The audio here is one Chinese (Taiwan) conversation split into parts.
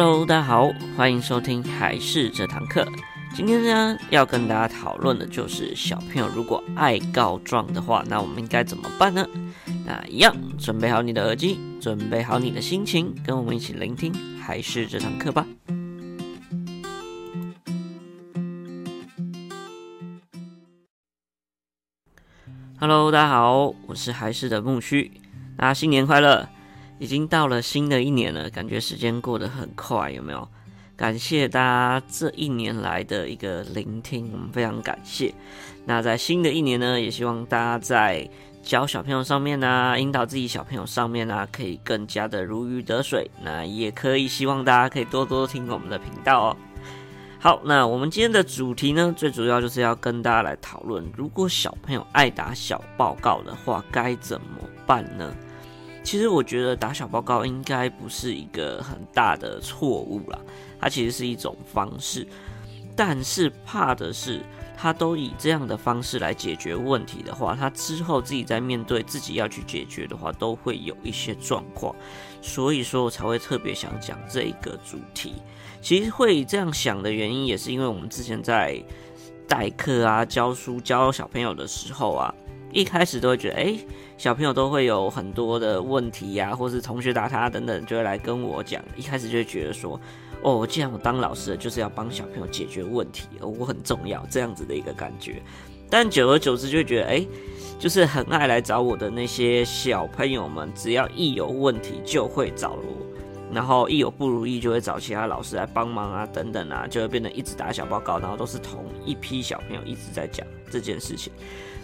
Hello，大家好，歡迎收聽孩事這堂課。今天呢，要跟大家討論的就是小朋友如果愛告狀的話，那我們應該怎麼辦呢？那一樣，準備好你的耳機，準備好你的心情，跟我們一起聆聽孩事這堂課吧。Hello，大家好，我是孩事的木須，大家新年快樂。已經到了新的一年了，感覺時間過得很快，有沒有？感謝大家這一年來的一個聆聽，我們非常感謝。那在新的一年呢，也希望大家在教小朋友上面呢、啊，引導自己小朋友上面呢、啊，可以更加的如魚得水。那也可以，希望大家可以多多聽我們的頻道哦。好，那我們今天的主題呢，最主要就是要跟大家來討論，如果小朋友愛打小報告的話，該怎麼辦呢？其實我覺得打小報告應該不是一個很大的錯誤啦，它其實是一種方式，但是怕的是他都以這樣的方式來解決問題的話，他之後自己在面對自己要去解決的話，都會有一些狀況，所以說我才會特別想講這一個主題。其實會這樣想的原因，也是因為我們之前在代課啊、教書教小朋友的時候啊。一開始都會覺得，哎、欸，小朋友都會有很多的問題呀、啊，或是同學打他等等，就會來跟我講。一開始就會覺得說，哦，既然我當老師了，就是要幫小朋友解決問題，哦，我很重要，這樣子的一個感覺。但久而久之，就會覺得，哎、欸，就是很愛來找我的那些小朋友們，只要一有問題就會找我，然後一有不如意就會找其他老師來幫忙啊，等等啊，就會變得一直打小報告，然後都是同一批小朋友一直在講這件事情。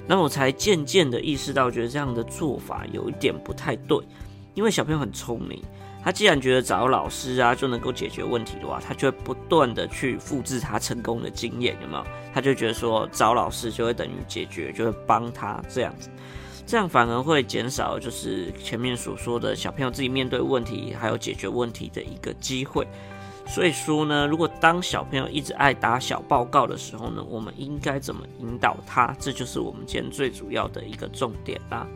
那我才漸漸的意識到，覺得這樣的做法有一點不太對，因為小朋友很聰明，他既然覺得找老師啊就能夠解決問題的話，他就會不斷的去複製他成功的經驗，有沒有？他就覺得說找老師就會等於解決，就會幫他這樣子，這樣反而會減少就是前面所說的，小朋友自己面對問題還有解決問題的一個機會。所以說呢，如果當小朋友一直愛打小報告的時候呢，我們應該怎麼引導他？這就是我們今天最主要的一個重點啦。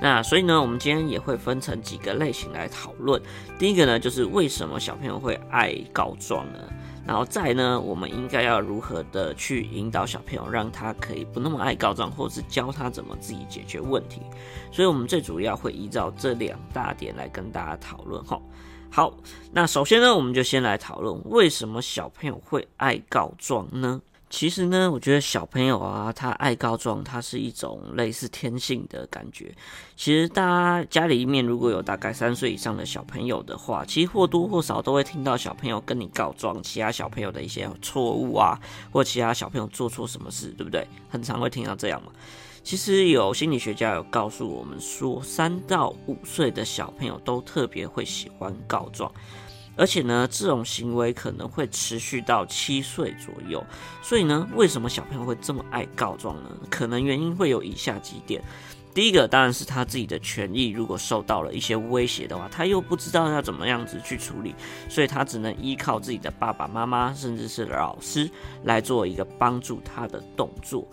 那所以呢，我們今天也會分成幾個類型來討論。第一個呢，就是為什麼小朋友會愛告狀呢？然後再呢，我們應該要如何的去引導小朋友，讓他可以不那麼愛告狀，或是教他怎麼自己解決問題？所以我們最主要會依照這兩大點來跟大家討論齁。好，那首先呢，我們就先來討論，為什麼小朋友會愛告狀呢？其實呢，我覺得小朋友啊，他愛告狀，他是一種類似天性的感覺。其實大家家裡面如果有大概三歲以上的小朋友的話，其實或多或少都會聽到小朋友跟你告狀，其他小朋友的一些錯誤啊，或其他小朋友做錯什麼事，對不對？很常會聽到這樣嘛。其實有心理學家有告訴我們說，三到五歲的小朋友都特別會喜歡告狀，而且呢，這種行為可能會持續到七歲左右。所以呢，為什麼小朋友會這麼愛告狀呢？可能原因會有以下幾點：第一個，當然是他自己的權益如果受到了一些威脅的話，他又不知道要怎麼樣子去處理，所以他只能依靠自己的爸爸媽媽，甚至是老師來做一個幫助他的動作。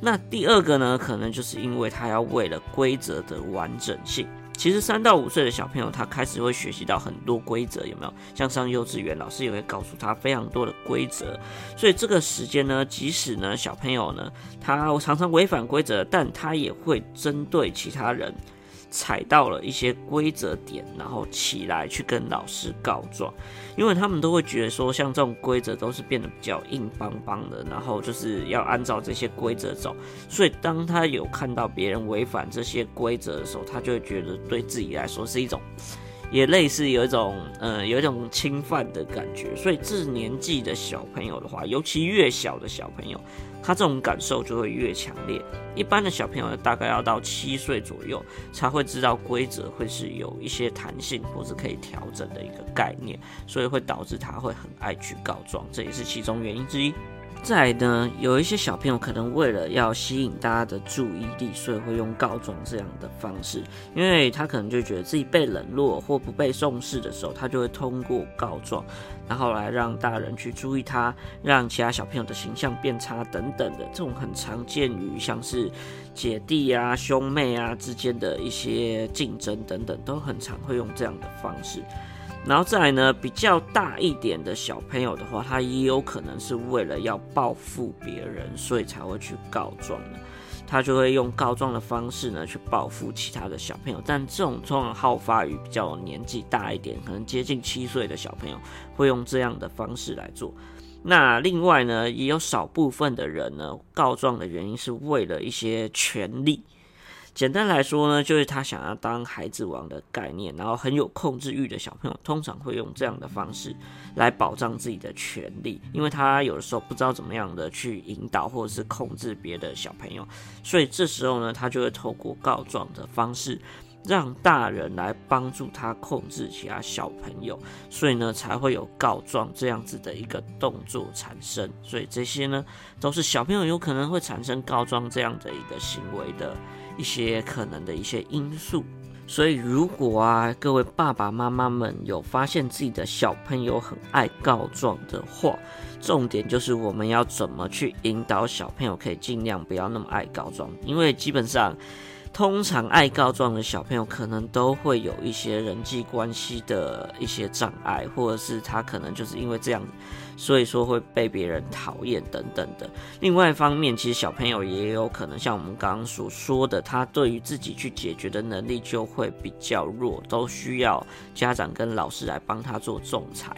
那第二個呢，可能就是因為他要為了規則的完整性。其實三到五歲的小朋友，他開始會學習到很多規則，有沒有？像上幼稚園，老師也會告訴他非常多的規則。所以這個時間呢，即使呢小朋友呢，他常常違反規則，但他也會針對其他人。踩到了一些規則點，然後起來去跟老師告狀，因為他們都會覺得說，像這種規則都是變得比較硬邦邦的，然後就是要按照這些規則走，所以當他有看到別人違反這些規則的時候，他就會覺得對自己來說是一種，也類似有一種，嗯、呃，有一種侵犯的感覺，所以這年紀的小朋友的話，尤其越小的小朋友。他這種感受就會越強烈。一般的小朋友大概要到七歲左右，才會知道規則會是有一些彈性，或是可以調整的一個概念，所以會導致他會很愛去告狀，這也是其中原因之一。再來呢，有一些小朋友可能為了要吸引大家的注意力，所以會用告狀這樣的方式，因為他可能就覺得自己被冷落或不被重視的時候，他就會通過告狀，然後來讓大人去注意他，讓其他小朋友的形象變差等等的，這種很常見於像是姐弟啊、兄妹啊之間的一些競爭等等，都很常會用這樣的方式。然後再來呢，比較大一點的小朋友的話，他也有可能是為了要報復別人，所以才會去告狀。他就會用告狀的方式呢，去報復其他的小朋友。但這種狀況好發於比較年紀大一點，可能接近七歲的小朋友，會用這樣的方式來做。那另外呢，也有少部分的人呢，告狀的原因是為了一些權利。簡單來說呢，就是他想要當孩子王的概念，然後很有控制慾的小朋友，通常會用這樣的方式來保障自己的權利，因為他有的時候不知道怎麼樣的去引導或者是控制別的小朋友，所以這時候呢，他就會透過告狀的方式，讓大人來幫助他控制其他小朋友，所以呢，才會有告狀這樣子的一個動作產生。所以這些呢，都是小朋友有可能會產生告狀這樣的一個行為的。一些可能的一些因素，所以如果啊，各位爸爸媽媽們有發現自己的小朋友很愛告狀的話，重點就是我們要怎麼去引導小朋友，可以盡量不要那麼愛告狀，因為基本上，通常愛告狀的小朋友可能都會有一些人際關係的一些障礙，或者是他可能就是因為這樣。所以說會被別人討厭等等的。另外一方面，其實小朋友也有可能像我們剛剛所說的，他對於自己去解決的能力就會比較弱，都需要家長跟老師來幫他做仲裁。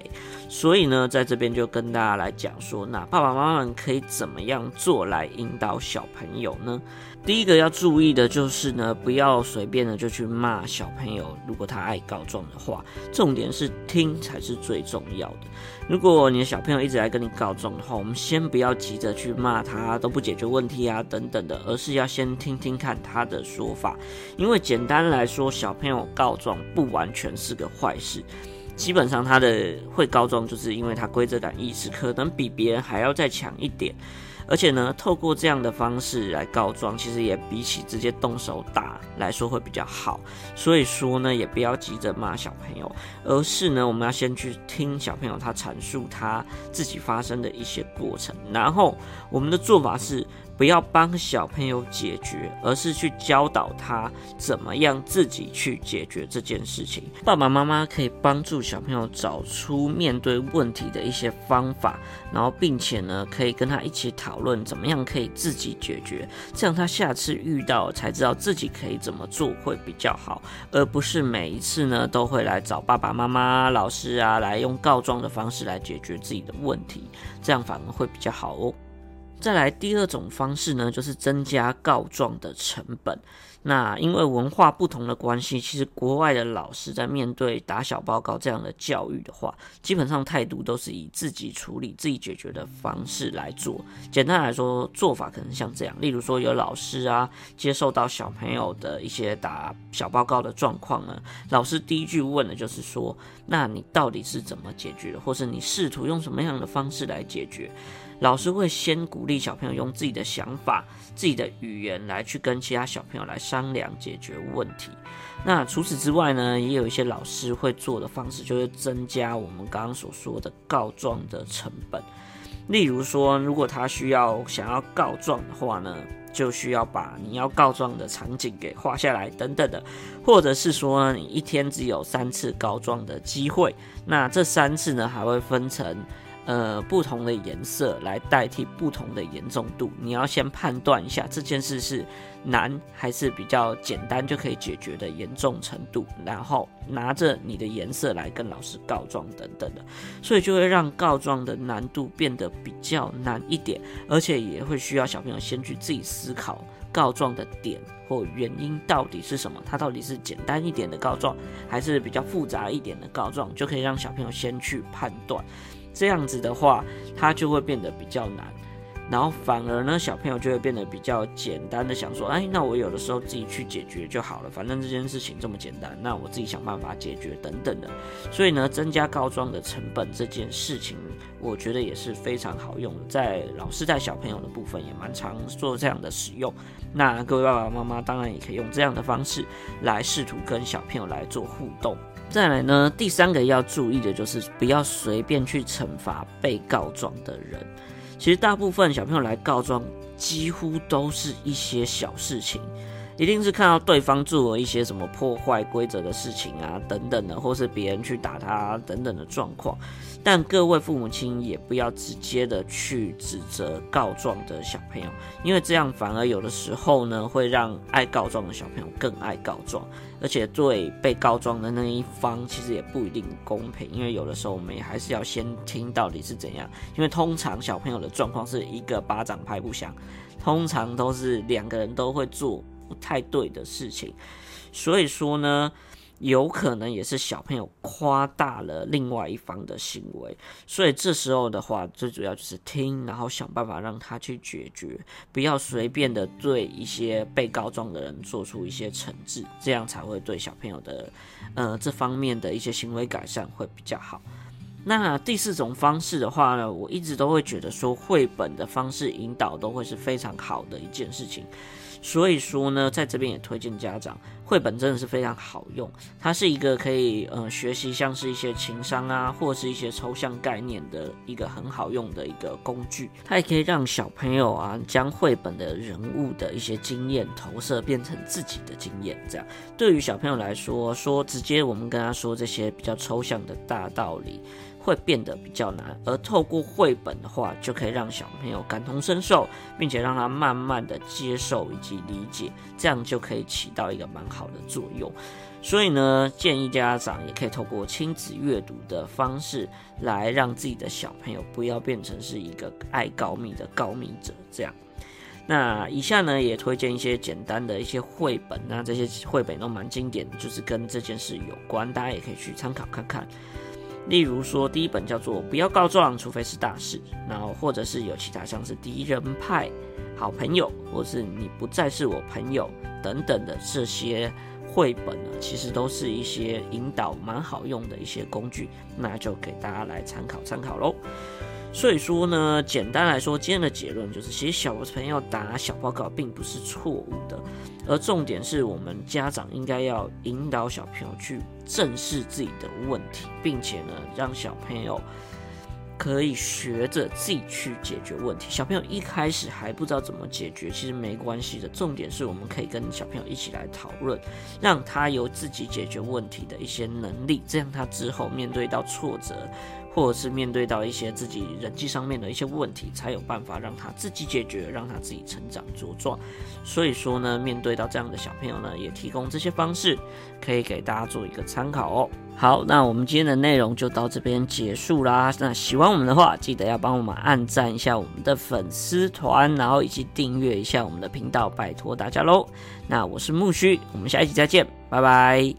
所以呢，在這邊就跟大家來講說，那爸爸媽媽們可以怎麼樣做來引導小朋友呢？第一個要注意的就是呢，不要隨便的就去罵小朋友，如果他愛告狀的話，重點是聽才是最重要的。如果你的小朋友一直來跟你告狀的話，我們先不要急着去罵他，都不解決問題啊等等的，而是要先聽聽看他的說法。因為簡單來說，小朋友告狀不完全是個壞事。基本上他的會告狀，就是因為他規則感意識可能比別人還要再強一點。而且呢，透過這樣的方式來告狀，其實也比起直接動手打來說會比較好。所以說呢，也不要急着罵小朋友，而是呢，我們要先去聽小朋友他闡述他自己發生的一些過程。然後我們的做法是，不要幫小朋友解決，而是去教導他怎麼樣自己去解決這件事情。爸爸媽媽可以幫助小朋友找出面對問題的一些方法，然後並且呢，可以跟他一起討。討論怎麼樣可以自己解決，這樣他下次遇到才知道自己可以怎麼做會比較好，而不是每一次呢都會來找爸爸媽媽、老師啊來用告狀的方式來解決自己的問題，這樣反而會比較好哦。再來第二種方式呢，就是增加告狀的成本。那因為文化不同的關係，其實國外的老師在面對打小報告這樣的教育的話，基本上態度都是以自己處理、自己解決的方式來做。簡單來說，做法可能像這樣：例如說，有老師啊，接受到小朋友的一些打小報告的狀況呢，老師第一句問的就是說：“那你到底是怎麼解決的？或是你試圖用什麼樣的方式來解決？”老師會先鼓勵小朋友用自己的想法、自己的語言來去跟其他小朋友來商量解決問題。那除此之外呢，也有一些老師會做的方式，就是增加我們剛剛所說的告狀的成本。例如說，如果他需要想要告狀的話呢，就需要把你要告狀的場景給畫下來等等的，或者是說呢，你一天只有三次告狀的機會，那這三次呢，還會分成，呃，不同的顏色來代替不同的嚴重度，你要先判斷一下這件事是難還是比較簡單就可以解決的嚴重程度，然後拿着你的顏色來跟老師告狀等等的，所以就會讓告狀的難度變得比較難一點，而且也會需要小朋友先去自己思考告狀的點或原因到底是什麼，它到底是簡單一點的告狀還是比較複雜一點的告狀，就可以讓小朋友先去判斷。這樣子的話，它就會變得比較難。然後反而呢，小朋友就會變得比較簡單的想說，哎，那我有的時候自己去解決就好了，反正這件事情這麼簡單，那我自己想辦法解決等等的。所以呢，增加告狀的成本這件事情，我覺得也是非常好用的，在老師帶小朋友的部分也蠻常做這樣的使用。那各位爸爸媽媽當然也可以用這樣的方式來試圖跟小朋友來做互動。再來呢，第三個要注意的就是不要隨便去懲罰被告狀的人。其實大部分小朋友來告狀，幾乎都是一些小事情。一定是看到對方做了一些什麼破壞規則的事情啊，等等的，或是別人去打他等等的狀況。但各位父母親也不要直接的去指責告狀的小朋友，因為這樣反而有的時候呢會讓愛告狀的小朋友更愛告狀。而且對被告狀的那一方，其實也不一定公平，因為有的時候我們也還是要先聽到底是怎樣。因為通常小朋友的狀況是一個巴掌拍不響，通常都是兩個人都會做。不太對的事情，所以說呢，有可能也是小朋友誇大了另外一方的行為，所以這時候的話，最主要就是聽，然後想辦法讓他去解決，不要隨便的對一些被告狀的人做出一些懲治，這樣才會對小朋友的，呃，這方面的一些行為改善會比較好。那第四種方式的話呢，我一直都會覺得說，繪本的方式引導都會是非常好的一件事情。所以說呢，在這邊也推薦家長，繪本真的是非常好用，它是一個可以嗯、呃、學習像是一些情商啊，或者是一些抽象概念的一個很好用的一個工具。它也可以讓小朋友啊，將繪本的人物的一些經驗投射變成自己的經驗。這樣對於小朋友來說，說直接我們跟他說這些比較抽象的大道理。會變得比較難，而透過繪本的話，就可以讓小朋友感同身受，並且讓他慢慢的接受以及理解，這樣就可以起到一個蠻好的作用。所以呢，建議家長也可以透過親子閱讀的方式來讓自己的小朋友不要變成是一個愛告密的告密者。這樣，那以下呢也推薦一些簡單的一些繪本，那這些繪本都蠻經典，就是跟這件事有關，大家也可以去參考看看。例如說，第一本叫做《不要告狀》，除非是大事，然後或者是有其他像是敵人派、好朋友，或是你不再是我朋友等等的這些繪本呢，其實都是一些引導蠻好用的一些工具，那就給大家來參考參考嘍。所以說呢，簡單來說，今天的結論就是，其實小朋友打小報告並不是錯誤的，而重點是我們家長應該要引導小朋友去。正視自己的問題，並且呢，讓小朋友可以學着自己去解決問題。小朋友一開始還不知道怎麼解決，其實沒關係的。重點是我們可以跟小朋友一起來討論，讓他有自己解決問題的一些能力，這樣他之後面對到挫折。或者是面對到一些自己人際上面的一些問題，才有辦法讓他自己解決，讓他自己成長茁壯。所以說呢，面對到這樣的小朋友呢，也提供這些方式，可以給大家做一個參考哦。好，那我們今天的內容就到這邊結束啦。那喜歡我們的話，記得要幫我們按讚一下我們的粉絲團，然後以及訂閱一下我們的頻道，拜託大家嘍。那我是木須，我們下一期再見，拜拜。